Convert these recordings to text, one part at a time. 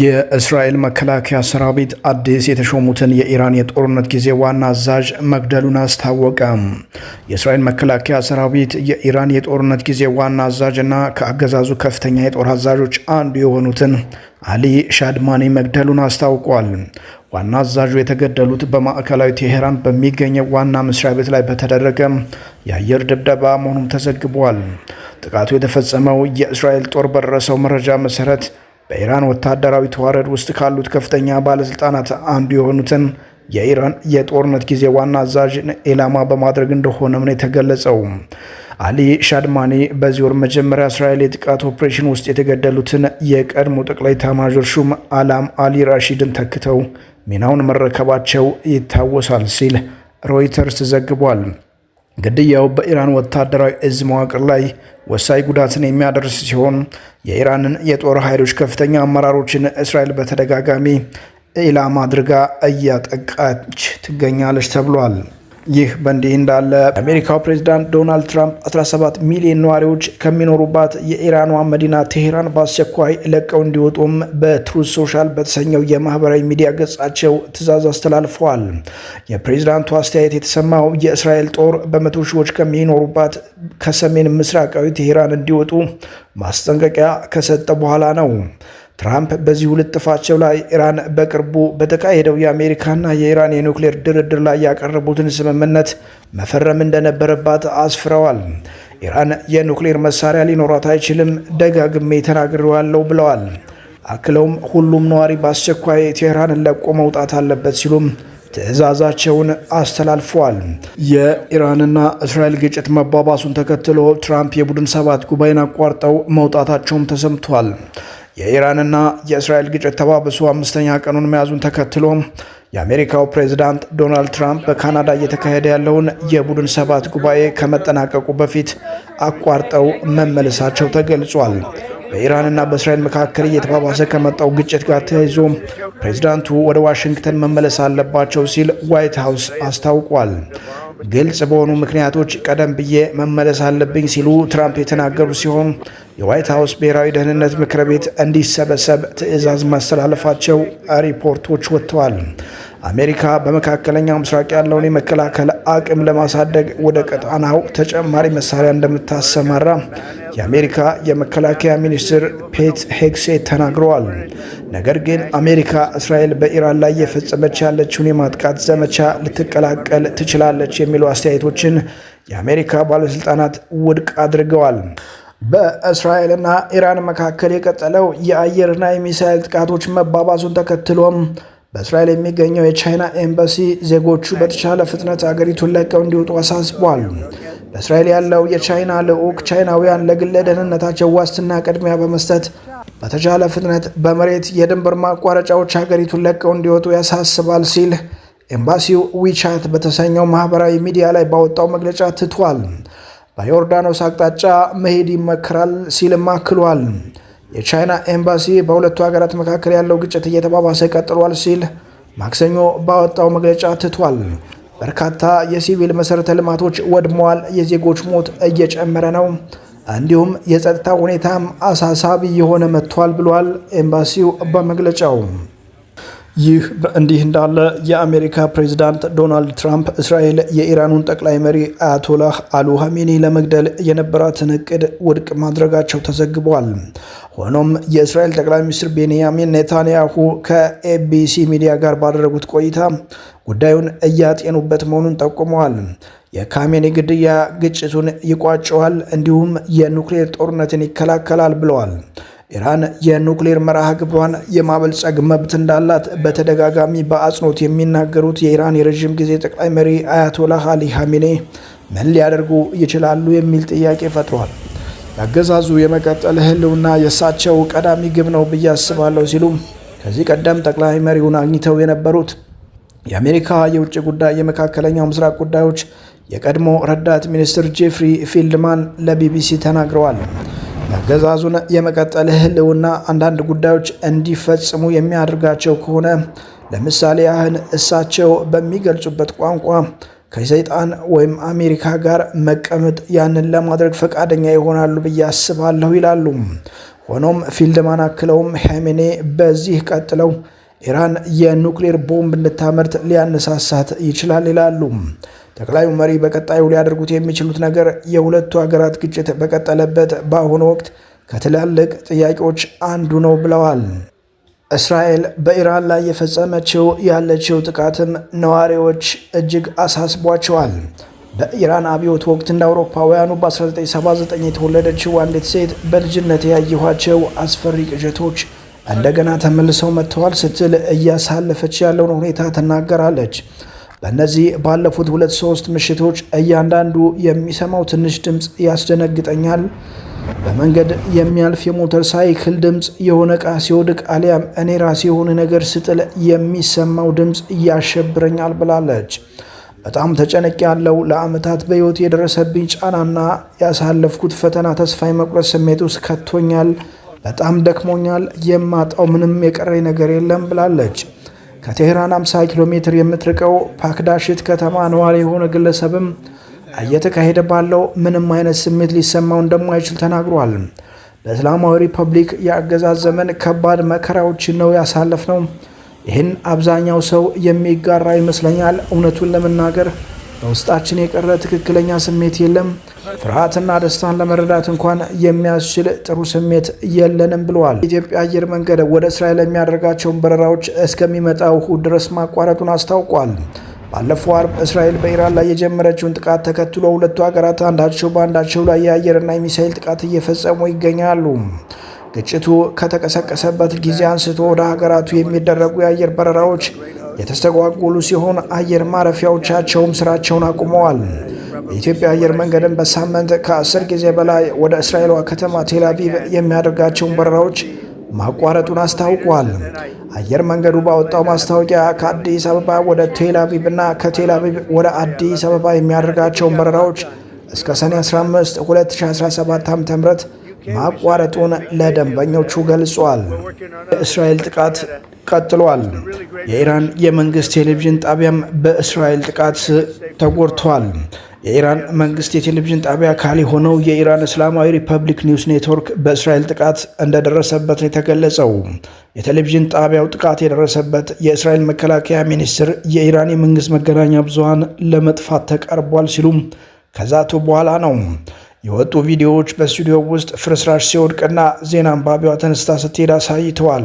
የእስራኤል መከላከያ ሰራዊት አዲስ የተሾሙትን የኢራን የጦርነት ጊዜ ዋና አዛዥ መግደሉን አስታወቀ። የእስራኤል መከላከያ ሰራዊት የኢራን የጦርነት ጊዜ ዋና አዛዥ እና ከአገዛዙ ከፍተኛ የጦር አዛዦች አንዱ የሆኑትን አሊ ሻድማኒ መግደሉን አስታውቋል። ዋና አዛዡ የተገደሉት በማዕከላዊ ቴሄራን በሚገኘው ዋና መስሪያ ቤት ላይ በተደረገ የአየር ድብደባ መሆኑም ተዘግቧል። ጥቃቱ የተፈጸመው የእስራኤል ጦር በደረሰው መረጃ መሰረት በኢራን ወታደራዊ ተዋረድ ውስጥ ካሉት ከፍተኛ ባለስልጣናት አንዱ የሆኑትን የኢራን የጦርነት ጊዜ ዋና አዛዥን ኢላማ በማድረግ እንደሆነም ነው የተገለጸው። አሊ ሻድማኒ በዚህ ወር መጀመሪያ እስራኤል የጥቃት ኦፕሬሽን ውስጥ የተገደሉትን የቀድሞ ጠቅላይ ኤታማዦር ሹም አላም አሊ ራሺድን ተክተው ሚናውን መረከባቸው ይታወሳል ሲል ሮይተርስ ዘግቧል። ግድያው በኢራን ወታደራዊ እዝ መዋቅር ላይ ወሳኝ ጉዳትን የሚያደርስ ሲሆን የኢራንን የጦር ኃይሎች ከፍተኛ አመራሮችን እስራኤል በተደጋጋሚ ኢላማ አድርጋ እያጠቃች ትገኛለች ተብሏል። ይህ በእንዲህ እንዳለ የአሜሪካው ፕሬዚዳንት ዶናልድ ትራምፕ 17 ሚሊዮን ነዋሪዎች ከሚኖሩባት የኢራኗ መዲና ቴሄራን በአስቸኳይ ለቀው እንዲወጡም በትሩዝ ሶሻል በተሰኘው የማህበራዊ ሚዲያ ገጻቸው ትዕዛዝ አስተላልፈዋል። የፕሬዚዳንቱ አስተያየት የተሰማው የእስራኤል ጦር በመቶ ሺዎች ከሚኖሩባት ከሰሜን ምስራቃዊ ቴሄራን እንዲወጡ ማስጠንቀቂያ ከሰጠ በኋላ ነው። ትራምፕ በዚህ ጥፋቸው ላይ ኢራን በቅርቡ በተካሄደው የአሜሪካና የኢራን የኒውክሌር ድርድር ላይ ያቀረቡትን ስምምነት መፈረም እንደነበረባት አስፍረዋል። ኢራን የኒውክሌር መሳሪያ ሊኖራት አይችልም፣ ደጋግሜ ተናግሬዋለሁ ብለዋል። አክለውም ሁሉም ነዋሪ በአስቸኳይ ቴህራንን ለቆ መውጣት አለበት ሲሉም ትዕዛዛቸውን አስተላልፈዋል። የኢራንና እስራኤል ግጭት መባባሱን ተከትሎ ትራምፕ የቡድን ሰባት ጉባኤን አቋርጠው መውጣታቸውም ተሰምቷል። የኢራንና የእስራኤል ግጭት ተባብሶ አምስተኛ ቀኑን መያዙን ተከትሎ የአሜሪካው ፕሬዝዳንት ዶናልድ ትራምፕ በካናዳ እየተካሄደ ያለውን የቡድን ሰባት ጉባኤ ከመጠናቀቁ በፊት አቋርጠው መመለሳቸው ተገልጿል። በኢራንና በእስራኤል መካከል እየተባባሰ ከመጣው ግጭት ጋር ተያይዞ ፕሬዝዳንቱ ወደ ዋሽንግተን መመለስ አለባቸው ሲል ዋይት ሀውስ አስታውቋል። ግልጽ በሆኑ ምክንያቶች ቀደም ብዬ መመለስ አለብኝ ሲሉ ትራምፕ የተናገሩ ሲሆን የዋይት ሀውስ ብሔራዊ ደህንነት ምክር ቤት እንዲሰበሰብ ትዕዛዝ ማስተላለፋቸው ሪፖርቶች ወጥተዋል። አሜሪካ በመካከለኛው ምስራቅ ያለውን የመከላከል አቅም ለማሳደግ ወደ ቀጣናው ተጨማሪ መሳሪያ እንደምታሰማራ የአሜሪካ የመከላከያ ሚኒስትር ፔት ሄግሴ ተናግረዋል። ነገር ግን አሜሪካ እስራኤል በኢራን ላይ እየፈጸመች ያለችውን የማጥቃት ዘመቻ ልትቀላቀል ትችላለች የሚሉ አስተያየቶችን የአሜሪካ ባለሥልጣናት ውድቅ አድርገዋል። በእስራኤልና ኢራን መካከል የቀጠለው የአየርና የሚሳኤል ጥቃቶች መባባሱን ተከትሎም በእስራኤል የሚገኘው የቻይና ኤምባሲ ዜጎቹ በተቻለ ፍጥነት አገሪቱን ለቀው እንዲወጡ አሳስቧል። በእስራኤል ያለው የቻይና ልዑክ ቻይናውያን ለግለ ደህንነታቸው ዋስትና ቅድሚያ በመስጠት በተቻለ ፍጥነት በመሬት የድንበር ማቋረጫዎች ሀገሪቱን ለቀው እንዲወጡ ያሳስባል ሲል ኤምባሲው ዊቻት በተሰኘው ማህበራዊ ሚዲያ ላይ ባወጣው መግለጫ ትቷል። በዮርዳኖስ አቅጣጫ መሄድ ይመከራል ሲልም አክሏል። የቻይና ኤምባሲ በሁለቱ ሀገራት መካከል ያለው ግጭት እየተባባሰ ቀጥሏል ሲል ማክሰኞ ባወጣው መግለጫ ትቷል። በርካታ የሲቪል መሠረተ ልማቶች ወድመዋል። የዜጎች ሞት እየጨመረ ነው። እንዲሁም የጸጥታ ሁኔታም አሳሳቢ የሆነ መጥቷል ብሏል ኤምባሲው በመግለጫው። ይህ እንዲህ እንዳለ የአሜሪካ ፕሬዝዳንት ዶናልድ ትራምፕ እስራኤል የኢራኑን ጠቅላይ መሪ አያቶላህ አሉ ሀሜኒ ለመግደል የነበራትን እቅድ ውድቅ ማድረጋቸው ተዘግቧል። ሆኖም የእስራኤል ጠቅላይ ሚኒስትር ቤንያሚን ኔታንያሁ ከኤቢሲ ሚዲያ ጋር ባደረጉት ቆይታ ጉዳዩን እያጤኑበት መሆኑን ጠቁመዋል። የካሜኒ ግድያ ግጭቱን ይቋጨዋል፣ እንዲሁም የኑክሌር ጦርነትን ይከላከላል ብለዋል። ኢራን የኑክሌር መርሃ ግብሯን የማበልጸግ መብት እንዳላት በተደጋጋሚ በአጽንኦት የሚናገሩት የኢራን የረዥም ጊዜ ጠቅላይ መሪ አያቶላህ አሊ ሐሜኔ ምን ሊያደርጉ ይችላሉ የሚል ጥያቄ ፈጥሯል። ያገዛዙ የመቀጠል ህልውና የእሳቸው ቀዳሚ ግብ ነው ብዬ አስባለሁ ሲሉ ከዚህ ቀደም ጠቅላይ መሪውን አግኝተው የነበሩት የአሜሪካ የውጭ ጉዳይ የመካከለኛው ምስራቅ ጉዳዮች የቀድሞ ረዳት ሚኒስትር ጄፍሪ ፊልድማን ለቢቢሲ ተናግረዋል። የአገዛዙን የመቀጠል ህልውና አንዳንድ ጉዳዮች እንዲፈጽሙ የሚያደርጋቸው ከሆነ ለምሳሌ ያህል እሳቸው በሚገልጹበት ቋንቋ ከሰይጣን ወይም አሜሪካ ጋር መቀመጥ ያንን ለማድረግ ፈቃደኛ ይሆናሉ ብዬ አስባለሁ ይላሉ። ሆኖም ፊልድማን አክለውም ሄሜኔ በዚህ ቀጥለው ኢራን የኑክሌር ቦምብ እንድታመርት ሊያነሳሳት ይችላል ይላሉ። ጠቅላዩ መሪ በቀጣዩ ሊያደርጉት የሚችሉት ነገር የሁለቱ ሀገራት ግጭት በቀጠለበት በአሁኑ ወቅት ከትላልቅ ጥያቄዎች አንዱ ነው ብለዋል። እስራኤል በኢራን ላይ የፈጸመችው ያለችው ጥቃትም ነዋሪዎች እጅግ አሳስቧቸዋል። በኢራን አብዮት ወቅት እንደ አውሮፓውያኑ በ1979 የተወለደችው አንዲት ሴት በልጅነት ያየኋቸው አስፈሪ ቅዠቶች እንደገና ተመልሰው መጥተዋል ስትል እያሳለፈች ያለውን ሁኔታ ትናገራለች። በእነዚህ ባለፉት ሁለት ሶስት ምሽቶች እያንዳንዱ የሚሰማው ትንሽ ድምፅ ያስደነግጠኛል። በመንገድ የሚያልፍ የሞተር ሳይክል ድምፅ፣ የሆነ ዕቃ ሲወድቅ አሊያም እኔ ራሴ የሆነ ነገር ስጥል የሚሰማው ድምፅ ያሸብረኛል ብላለች። በጣም ተጨነቅ ያለው ለዓመታት በሕይወት የደረሰብኝ ጫናና ያሳለፍኩት ፈተና ተስፋ የመቁረጥ ስሜት ውስጥ ከቶኛል። በጣም ደክሞኛል። የማጣው ምንም የቀረኝ ነገር የለም ብላለች። ከቴህራን 50 ኪሎ ሜትር የምትርቀው ፓክዳሽት ከተማ ነዋሪ የሆነ ግለሰብም እየተካሄደ ባለው ምንም አይነት ስሜት ሊሰማው እንደማይችል ተናግሯል። በእስላማዊ ሪፐብሊክ የአገዛዝ ዘመን ከባድ መከራዎችን ነው ያሳለፍ ነው። ይህን አብዛኛው ሰው የሚጋራ ይመስለኛል እውነቱን ለመናገር በውስጣችን የቀረ ትክክለኛ ስሜት የለም። ፍርሃትና ደስታን ለመረዳት እንኳን የሚያስችል ጥሩ ስሜት የለንም ብለዋል። የኢትዮጵያ አየር መንገድ ወደ እስራኤል የሚያደርጋቸውን በረራዎች እስከሚመጣው እሁድ ድረስ ማቋረጡን አስታውቋል። ባለፈው አርብ እስራኤል በኢራን ላይ የጀመረችውን ጥቃት ተከትሎ ሁለቱ ሀገራት አንዳቸው በአንዳቸው ላይ የአየርና የሚሳይል ጥቃት እየፈጸሙ ይገኛሉ። ግጭቱ ከተቀሰቀሰበት ጊዜ አንስቶ ወደ ሀገራቱ የሚደረጉ የአየር በረራዎች የተስተጓጎሉ ሲሆን አየር ማረፊያዎቻቸውም ስራቸውን አቁመዋል። የኢትዮጵያ አየር መንገድም በሳምንት ከአስር ጊዜ በላይ ወደ እስራኤሏ ከተማ ቴላቪቭ የሚያደርጋቸውን በረራዎች ማቋረጡን አስታውቋል። አየር መንገዱ ባወጣው ማስታወቂያ ከአዲስ አበባ ወደ ቴላቪቭ እና ከቴላቪቭ ወደ አዲስ አበባ የሚያደርጋቸውን በረራዎች እስከ ሰኔ 15 2017 ዓ.ም ማቋረጡን ለደንበኞቹ ገልጿል። የእስራኤል ጥቃት ቀጥሏል። የኢራን የመንግስት ቴሌቪዥን ጣቢያም በእስራኤል ጥቃት ተጎድቷል። የኢራን መንግስት የቴሌቪዥን ጣቢያ አካል የሆነው የኢራን እስላማዊ ሪፐብሊክ ኒውስ ኔትወርክ በእስራኤል ጥቃት እንደደረሰበት ነው የተገለጸው። የቴሌቪዥን ጣቢያው ጥቃት የደረሰበት የእስራኤል መከላከያ ሚኒስትር የኢራን የመንግስት መገናኛ ብዙሃን ለመጥፋት ተቃርቧል ሲሉም ከዛቱ በኋላ ነው። የወጡ ቪዲዮዎች በስቱዲዮ ውስጥ ፍርስራሽ ሲወድቅና ዜና አንባቢዋ ተነስታ ስትሄድ አሳይተዋል።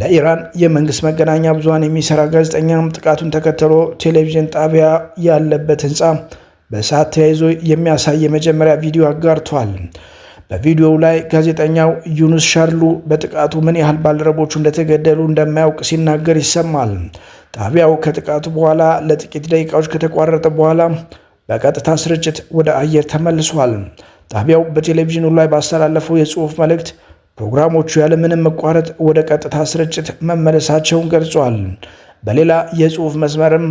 ለኢራን የመንግስት መገናኛ ብዙኃን የሚሰራ ጋዜጠኛም ጥቃቱን ተከትሎ ቴሌቪዥን ጣቢያ ያለበት ህንፃ በእሳት ተያይዞ የሚያሳይ የመጀመሪያ ቪዲዮ አጋርቷል። በቪዲዮው ላይ ጋዜጠኛው ዩኑስ ሻርሉ በጥቃቱ ምን ያህል ባልደረቦቹ እንደተገደሉ እንደማያውቅ ሲናገር ይሰማል። ጣቢያው ከጥቃቱ በኋላ ለጥቂት ደቂቃዎች ከተቋረጠ በኋላ በቀጥታ ስርጭት ወደ አየር ተመልሷል። ጣቢያው በቴሌቪዥኑ ላይ ባስተላለፈው የጽሑፍ መልእክት ፕሮግራሞቹ ያለምንም መቋረጥ ወደ ቀጥታ ስርጭት መመለሳቸውን ገልጿል። በሌላ የጽሑፍ መስመርም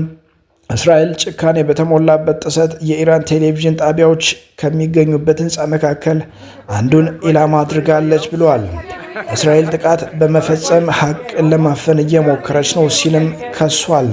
እስራኤል ጭካኔ በተሞላበት ጥሰት የኢራን ቴሌቪዥን ጣቢያዎች ከሚገኙበት ህንፃ መካከል አንዱን ኢላማ አድርጋለች ብሏል። እስራኤል ጥቃት በመፈጸም ሀቅን ለማፈን እየሞከረች ነው ሲልም ከሷል።